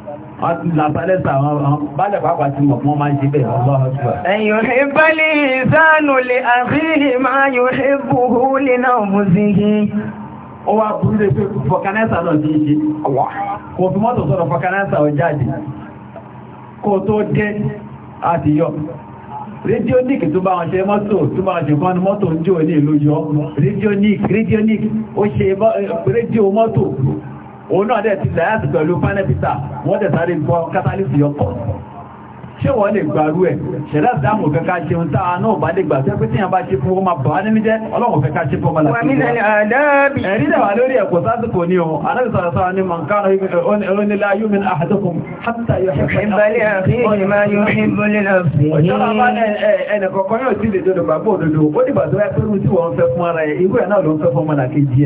wọ́n ti làbálẹ́sà àwọn bálẹ̀ pàápàá ti mọ̀ fún ọmọ ṣe bẹ̀ ọlọ́ọ̀ṣùgbà. ẹ̀yìn ìbálẹ̀ ìsánù lè àfíìlì máa yóò ṣe búhú lè náà mú sí i. ó wá burú lè pé fọ̀kánẹ́sà náà ti ṣe kò fi tó bá wọn ṣe mọ́tò tó bá wọn ṣe fọ́nù mọ́tò ń jò ní ìlú yọ rédíóníkì rédíóníkì ó ṣe eh, rédíò mọ́tò òun náà dẹ̀ ti dàyàtì pẹ̀lú pánẹ́pítà wọ́n dẹ̀ sáré gbọ́ kátálìsì ọkọ̀ ṣé wọ́n lè gbàrú ẹ̀ ṣẹ̀dá ìdáàmù fẹ́ ká ṣe ń tá a náà bá lè gbà tẹ́ pé tí a bá ṣe fún ọmọ bàá nínú jẹ́ ọlọ́run fẹ́ ká ṣe fún ọmọ làtí ẹ̀rí dẹ̀ wà lórí ẹ̀kọ́ sásìkò ní o anábìsọ̀rọ̀sọ̀rọ̀ ní mankano onílá yúmin àhàdókùn hátà yóò ṣe ìbálẹ̀ àfihàn máa yóò ṣe ìbólẹ̀ àfihàn. ìjọba bá ẹnìkọ̀ọ̀kan yóò ti lè dodo bàbá òdodo ó dìbà tó yá pé irú tí wọ́n fẹ́ fún ara ẹ̀ irú ẹ̀ náà ló ń fẹ́ fún ọmọ làkejì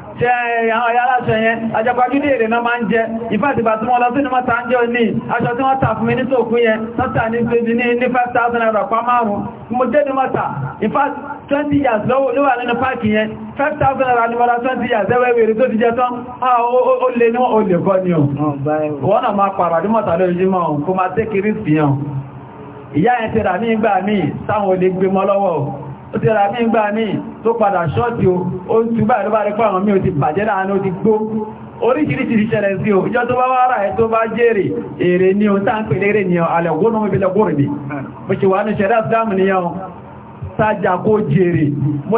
jẹ àwọn ayáláṣẹ yẹn ajagbajú dèrè náà máa ń jẹ ìfàtìgbà tí wọ́n lọ sínú mọ́ta ń jẹ́ òní aṣọ tí wọ́n tà fún mi ní tòkú yẹn tọ́ta ní ní 5,000 naira pa márùn-ún mo jẹ́ ní mọ́ta 20 years lọ́wọ́ nínú páàkì yẹn 5,000 naira 20 tó ó ti ra mí gbà mí tó padà ṣọ́ọ̀tì ó ń túbà ló bá rí pọ̀ àwọn mí ó ti bàjẹ́ láàánú ti gbó oríṣìíríṣìí ṣẹlẹ̀ sí o ìjọ tó bá wá ara ẹ̀ tó bá jèrè èrè ní o tá ń pè lérè ní alẹ̀gbónà ìbílẹ̀ kúrò ní mo ṣe wà ní ṣẹ̀rẹ́ ìsìlámù níyàn sájà kó jèrè mo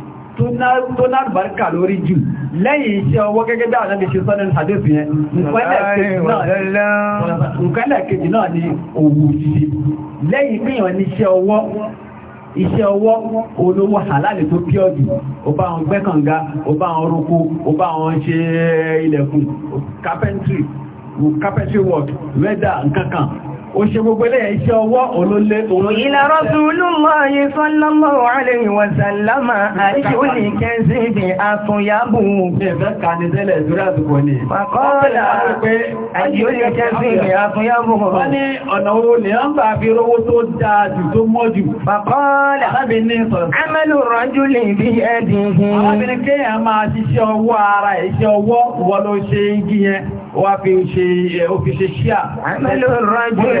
tó náà barka lórí jù lẹ́yìn iṣẹ́ ọwọ́ gẹ́gẹ́ bí àwọn iṣẹ́ sọ́nà hadith yẹn nǹkanlẹ̀ kejì náà ni òwú ṣe lẹ́yìn píyàn ní iṣẹ́ ọwọ́ iṣẹ́ ọwọ́ olówó halali tó pí ọ̀dù ó bá wọn gbẹ́ kànga ó bá wọn roko ó bá wọn ṣe ilẹ̀kùn carpentry work weather nkankan Oṣe gbogbo ilé iṣẹ́ ọwọ́ olólé òun. Ìlà Rasulullahi sallallahu alaihi wa sallama àti ó ní kẹ́sí ibi àtúnyábù. Ìfẹ́ kà ní tẹ́lẹ̀ ìdúrà àdúgbò ni. Màkọ́ọ̀lá àti ó ní kẹ́sí ibi àtúnyábù. Wọ́n ní ọ̀nà owó ni yẹn, wọ́n fi ṣe ṣíà. Amalu rajuli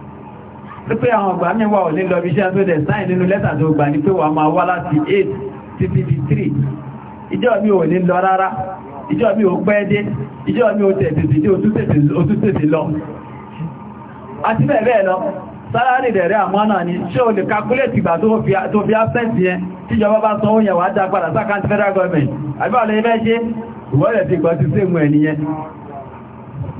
pé àwọn ọgbà mi wà ò ní lọ bí iṣẹ́ tó dẹ̀ sáìn nínú lẹ́tà tó gbà ní pé wà máa wá láti 8 títí di 3 ìjọ mi ò ní lọ rárá ìjọ mi ò pẹ́ dé mi ò tẹ̀tẹ̀tẹ̀ lọ àti bẹ́ẹ̀ bẹ́ẹ̀ lọ sáláàrì rẹ̀rẹ̀ àmọ́nà ni ṣé o lè calculate ìgbà tó fi absent yẹn tíjọba bá sanwó yẹn wà á dá padà sákàntí federal government àbíwà lè ìwọ́lẹ̀ ti gbọ́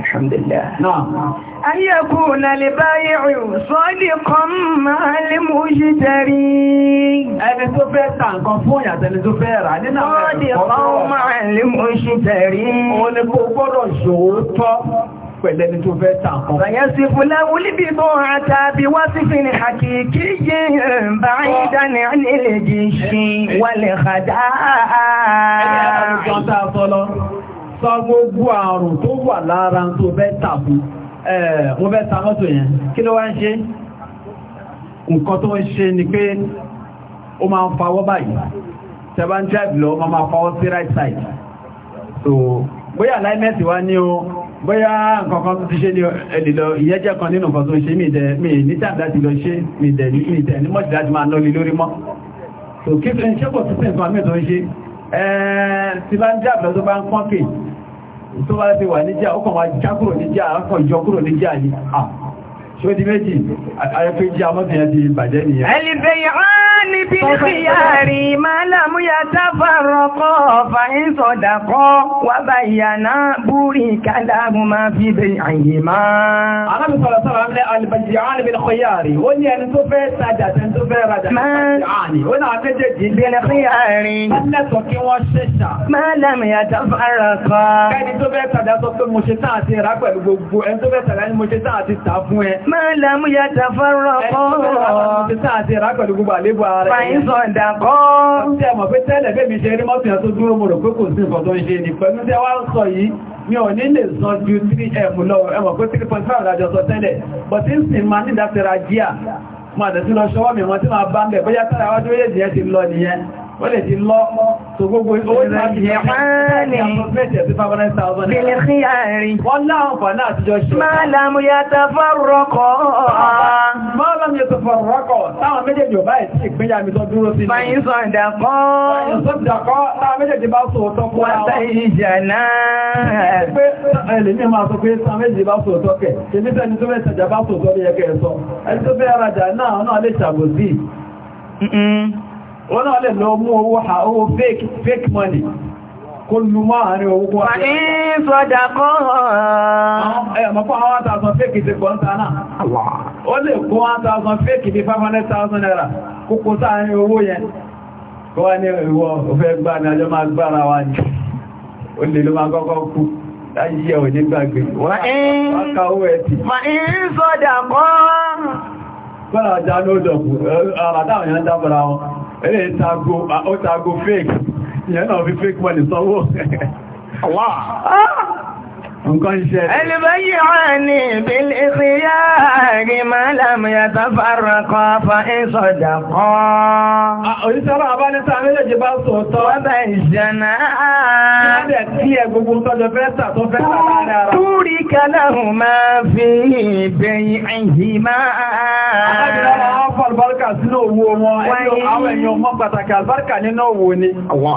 alhamdulillah. ayẹ́kùn lè báyé sọ́díkan máa lè mú ṣítẹ̀rí ẹni tó fẹ́ ta nǹkan fún ìyàtẹni tó fẹ́ rà nínú àwọn ẹ̀kọ́ máa lè mú ṣítẹ̀rí o ní kó gbọ́dọ̀ pẹ̀lẹ́ ni tó fẹ́ ta nǹkan. Bàyẹ́ sí fúláwú líbi bó àtàbí wá sí fi ní àkìkí yé bá ìdáni nílé jìn ṣe wà lè kàdá. Ẹgbẹ́ sọ gbogbo àrùn tó wà lára tó fẹ́ tàbí mo fẹ́ ta mọ́tò yẹn kí ló wá ń ṣe nǹkan tó ń ṣe ni pé ó máa ń fawọ́ báyìí tẹ́bá ń jáde lọ ma máa fawọ́ sí right side so bóyá aláìmẹ́sì wá ní o bóyá nǹkankan tó ti ṣe ní ẹ̀lìlọ ìyẹ́jẹ́ kan nínú nǹkan tó ṣe mí ní tàbí láti lọ ṣe mí dẹ̀ ní mọ́ṣì láti máa lọ lórí mọ́ so kí tí bá ń jà bẹ̀rẹ̀ tó bá ń pọ́n kè tó bá ti wà níjà ó kàn wá já kúrò níjà ọkọ̀ ìjọ kúrò níjà ní à ṣó di méjì àyẹ́fẹ́ jí amọ́bìnrin ti bàjẹ́ nìyẹn ní bí kíyàrí máa lámúyà tábàrọ̀kọ́ ọ̀fà ń sọ̀dàkọ́ wà bá ìyànà búrí kàdàgùn máa fi bẹ àyè máa. Alábi sọ̀rọ̀ sọ̀rọ̀ ní alìbàjì àánì bí kíyàrí, ó ní ẹni tó fẹ́ tajà tẹ́ tó fẹ́ rajà àánì, ó náà méjèèjì bí kíyàrí. Mẹ́lẹ̀tọ̀ kí wọ́n ṣẹ̀ṣà. Máa lámúyà tábàrọ̀kọ́. Kẹ́ni tó fẹ́ tajà rẹ̀. Fàyín sọ̀dà kọ́. Tí ẹ mọ̀ pé tẹ́lẹ̀ bẹ́mi ṣe rí mọ́tìyàn tó dúró mọ̀rọ̀ pé kò sí nǹkan tó ń ṣe ní pẹ̀lú tí wá ń sọ yìí ní òní lè sọ ju 3M lọ ẹmọ̀ pé 3.5 ìrìnàjò sọ tẹ́lẹ̀. But in sin ma ní ìdásẹ̀ra jíà, máa dẹ̀ sí lọ ṣọwọ́ mi wọ́n tí máa bá ń bẹ̀ bóyá tára wájú méjèèjì ti lọ nìyẹn wọ́n lè ti lọ tó gbogbo owó Táwọn méjèèjì ò báyìí sí ìpínyà mi tó dúró sí. Fáyín sọ ìdàkọ́. Fáyín sọ ìdàkọ́, táwọn méjèèjì bá sòótọ́ fún ara. Wọ́n tẹ́ ìjà náà. Pé ẹlẹ́ mi máa sọ pé táwọn méjèèjì bá sòótọ́ kẹ̀. Ṣèbí tẹ́ni tó fẹ́ tẹ̀jà bá sòótọ́ wọ́n ole lè lọ mú owó ha owó fake money kó lù máa rí owó kọ́ àti ìfọ́dà kọ́ ẹ̀mọ̀kọ́ àwọn àtàzàn fake náà fake ní 500,000 naira owó yẹn kó wá ní ìwọ òfẹ́ gbá ní wa ó ma ló dábọ̀ra wọn. ẹ̀rẹ́ ìtago fake ìyẹn náà fi fake money sanwó nǹkan ṣe ẹlẹ́bẹ̀yí wọ́n ní ìbílẹ̀ ìfìyà àrímọ́lẹ̀mù yàtọ̀ fàrakọ́ fa ìsọ̀dà kọ́ orísọ́rọ̀ abánítà méjèèjì bá sọ̀tọ́ ọ̀bẹ̀ ìṣẹ́nà Túrí kanáhùn máa fi ìbẹ̀yìn ẹ̀yìn máa. Àwọn ọmọ albarka sínú òwò wọn, àwọn èèyàn mọ́ pàtàkì albarka nínú òwò ni. Àwọn.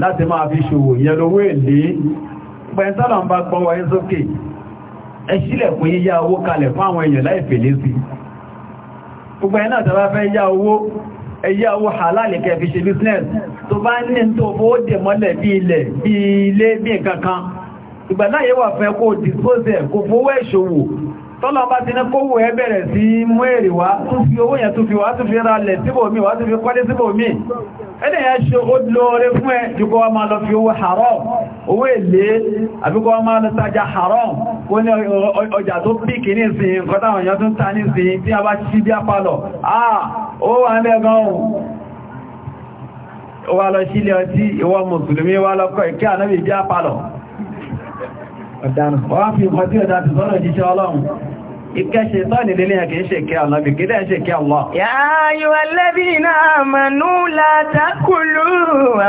láti máa fi ṣòwò yẹn lówó èlé pẹ̀ntọ́lọ̀ ń bá gbọ́wọ́ ẹ́ sókè ẹ̀ṣílẹ̀ fún yíyá owó kalẹ̀ fún àwọn èèyàn láì fèlé sí gbogbo ẹ̀ náà tàbá fẹ́ yá owó ẹ̀yá owó halal kẹ́ fi ṣe business tó bá ní tó fówó dè mọ́lẹ̀ bí ilẹ̀ bí ilé bí nǹkan kan ìgbà náà yẹ wà fẹ́ kó dispose kó fówó ẹ̀ṣòwò tọ́lọ bá ti ní kówò ẹ bẹ̀rẹ̀ sí mú èrè wá tún fi owó yẹn tún fi wá tún fi ra lẹ̀ síbò mí wá tún fi kọ́lé síbò mí ẹni yẹn ṣe ó lóore fún ẹ jùkọ́ wa máa lọ fi owó haram owó èlé àbíkọ́ wa máa lọ tajà haram ó ní ọjà tó pìkì ní ìsìn nǹkan táwọn ah ó wà ń bẹ́ gan-an ó wà lọ sílẹ̀ ọtí ìwọ mùsùlùmí ọ̀dánù wọ́n fi nǹkan tí ọ̀dá ti sọ́rọ̀ jíṣẹ́ ọlọ́run Ìkẹ́ ṣe tọ́ nílé ẹ̀kẹ́ ṣe kẹ́ Allah bí kí dẹ́ ṣe kẹ́ Allah. Ya ayyuhal ladhina amanu la takulu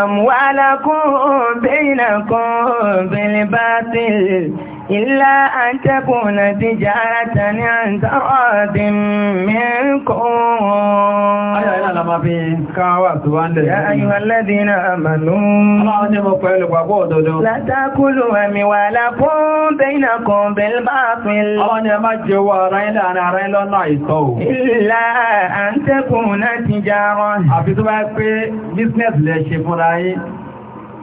amwalakum bainakum bil batil. إلا أن تكون تجارة عن تراض منكم يا أيها الذين آمنوا لا تأكلوا أموالكم بينكم بالباطل إلا أن تكون تجارة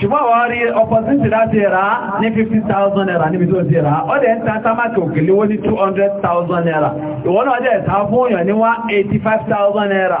ṣùgbọ́n wọ́n rí opportunity láti rà ní 50,000 naira níbi tó ti rà ó dẹ̀ ń ta támàkì òkèlówó ní 200,000 naira ìwọ́n náà jẹ́ ìta fún òyàn ní 185,000 naira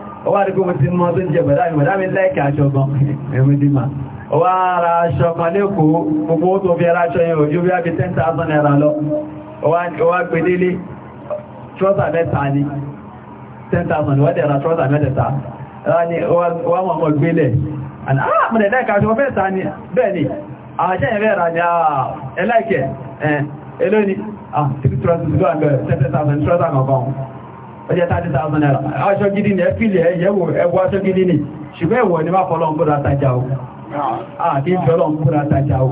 ọwá àríkò mo ti mọ́ tó jẹ mẹ́dámi mẹ́dámi láìkì aṣọ gan ẹ̀mẹ́dìmá ọwá ara aṣọ kan lẹ́kọ̀ọ́ gbogbo ó tó fi ara aṣọ yẹn ojú bí ábí 10,000 naira lọ ọwá gbedele trọ́sà mẹ́ta ni 10,000 wọ́n dẹ̀ra trọ́sà mẹ́tẹ̀ta ọwá mọ̀mọ̀ gbélẹ̀ ẹ̀lẹ́kẹ̀ẹ́ ẹlóni ah 3,000 trọ́sà kan kan ọjọ́ 30,000 naira aṣọ gidi ní ẹ̀fílẹ̀ ẹ̀yẹ̀wò ẹwọ aṣọ gidi ní ṣùgbọ́n ẹ̀wọ̀ ni wá fọ́lọ́n búra tajà o àti ìfẹ́lọ́n búra tajà o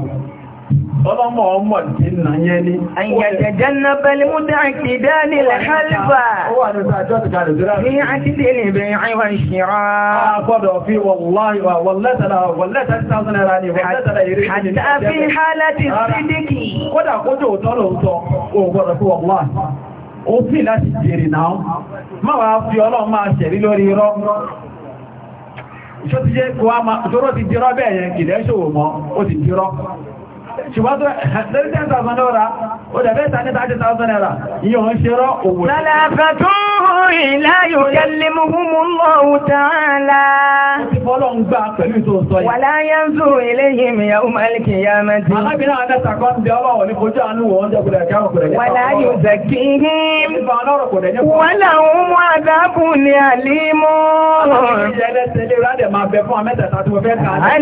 ọlọ́mọ ọmọ dínà yẹn ni ayẹ̀jẹ̀jẹ́ ná bẹ́lí mú dáàkì dáàlì lẹ́hálífà ó wà ní ọjọ́ ìkàlẹ̀ ìdúrà ní àti délé ìbẹ̀rẹ̀ àìwà ìṣìrá gbọ́dọ̀ fi wọ̀lọ́tàlá wọ̀lẹ́tàlá ó fi láti jèrè náà má wá fi ọlọ́run máa ṣẹ̀rí lórí irọ́ ṣòro ti dírọ́ bẹ́ẹ̀ yẹn kìlẹ̀ ṣòwò mọ́ ó ti dírọ́ ṣùgbọ́n tó ẹ̀ẹ́dẹ́gbẹ̀ta ó dẹ̀ mẹ́ta ní 30,000 naira yíò ń ṣe rọ́ òwò lálàfàtúhùn ìláyò kẹlẹ̀mùhùnmù lọ́wọ́ tààlà àwọn ẹ̀ta kan bí ọlọ́wọ̀ ní kojú àánú wọn jẹ́ kúrẹ̀ kẹ́wọ̀n kúrẹ̀ wà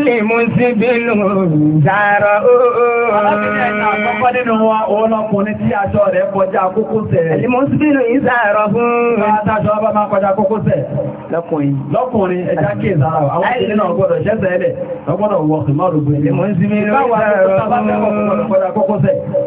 láyé mú sí bínú zàrọ̀ ooo ọkùnrin tí aṣọ rẹ̀ kọjá kókósẹ̀. Ẹ̀lì mú síbìnú ìsà ẹ̀rọ fún. Látàṣọ ọba máa kọjá kókósẹ̀. Lọ́kùnrin. Lọ́kùnrin ẹja kí ìsára. Àwọn ìṣẹ́lẹ̀ náà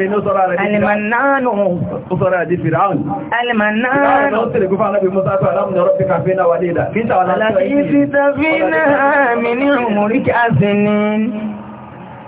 mi ní ó sọ́rọ̀ rẹ̀ alìmọ̀nánù ó sọ́rọ̀ àdí fìràún alìmọ̀nánù ó tẹ̀lẹ̀ gúfà náà bí mú sáfẹ́ alámùnà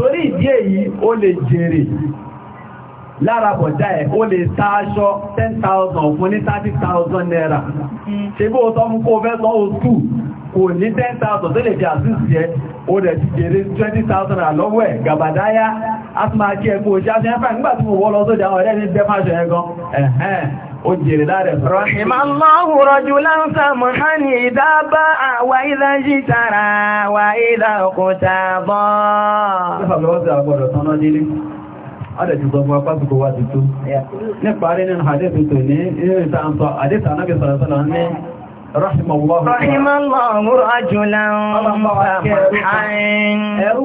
torí ìdí èyí ó lè jèrè lára bọ̀dá ẹ̀ ó lè ta aṣọ 10,000 fún ní 30,000 naira ṣe bí ó sọ fún kó fẹ́ sọ oṣù kò ní 10,000 tó lè fi àṣíṣì ẹ ó rẹ̀ ti jèrè 20,000 lọ́wọ́ ẹ̀ gàbàdáyá asma kí ẹkùn òṣìṣẹ́ ó jèrè láàrẹ̀ rahim Allahu rajulan samhan idha ba'a wa idha ishtara wa idha iqtada níparí nínú àdẹ́sù tó ní inú ìta àǹtọ̀ àdẹ́sù anábì sọ̀rọ̀sọ̀rọ̀ ní rahimallahu rahimallahu rajulan samhan ẹrù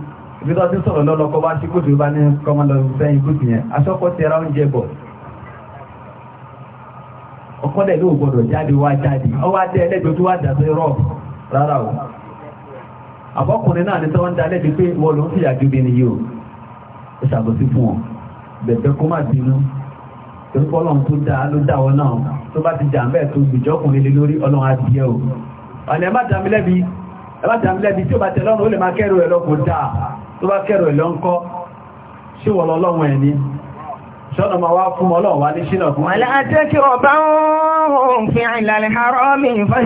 ibi tó ti sọ̀rọ̀ lọ́lọ́kọ́ bá ṣí kùtù bá ní kọmọlọ sẹ́yìn kùtù yẹn aṣọ́kọ́ ti ra oúnjẹ bọ̀ ọkọ́ dẹ̀ ló gbọ́dọ̀ jáde wá jáde ọ wá dé ẹlẹ́gbẹ̀ẹ́ tó wá dà sí rọ̀ o àbọ́kùnrin náà ni tí wọ́n ń dalẹ́ di pé wọ́n ló ń fìyà ju bíi nìyí o ó ṣàbòsí fún wọn bẹ̀bẹ̀ kó má bínú orúkọ ọlọ́run tó dáa ló dáwọ náà tó bá ti jà ń bẹ́ẹ̀ tó gbìjọ́kùnrin lé lórí ọlọ́run á di ẹ́ o ọ̀nà ẹ̀ má dàmílẹ́bi tí ó bá tẹ̀lọ́run ó lè máa kẹ́rù ẹ̀ lọ́kùn dáa tó bá kẹrò ìlọ ń kọ́ sí ẹni ṣọ́nà ma wá fún ọlọ́run wá ní ṣínà fún wọ́n fi àìlàlẹ̀ àrọ́ mi fẹ́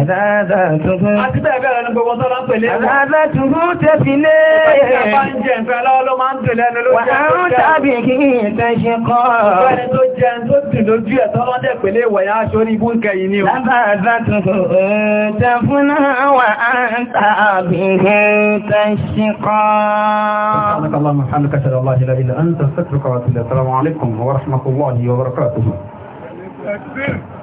Àdáàdàtúhú. Àti bẹ́ẹ̀ bẹ́ẹ̀ lẹ́nu gbogbo tọ́lá ń pèlé. Àdáàdàtúhú tẹ́ fi lé. Ìpàtíkà bá ń jẹ ìfẹ́ lọ́wọ́ ló máa ń dùn lẹ́nu lójú. Wà á ń tàbí kí ìtẹ́ ṣe kọ́. Ìpẹ́ni tó jẹ tó dùn lójú ẹ̀ tọ́lọ́ dẹ̀ pèlé ìwọ̀yá aṣọ ní ibú kẹyìn ni o. Àdáàdàtúhú tẹ́ fún náà wà á ń tàbí kí ìtẹ́ ṣe kọ́. سبحانك اللهم وبحمدك اشهد ان لا اله الا انت استغفرك واتوب اليك السلام عليكم ورحمه الله وبركاته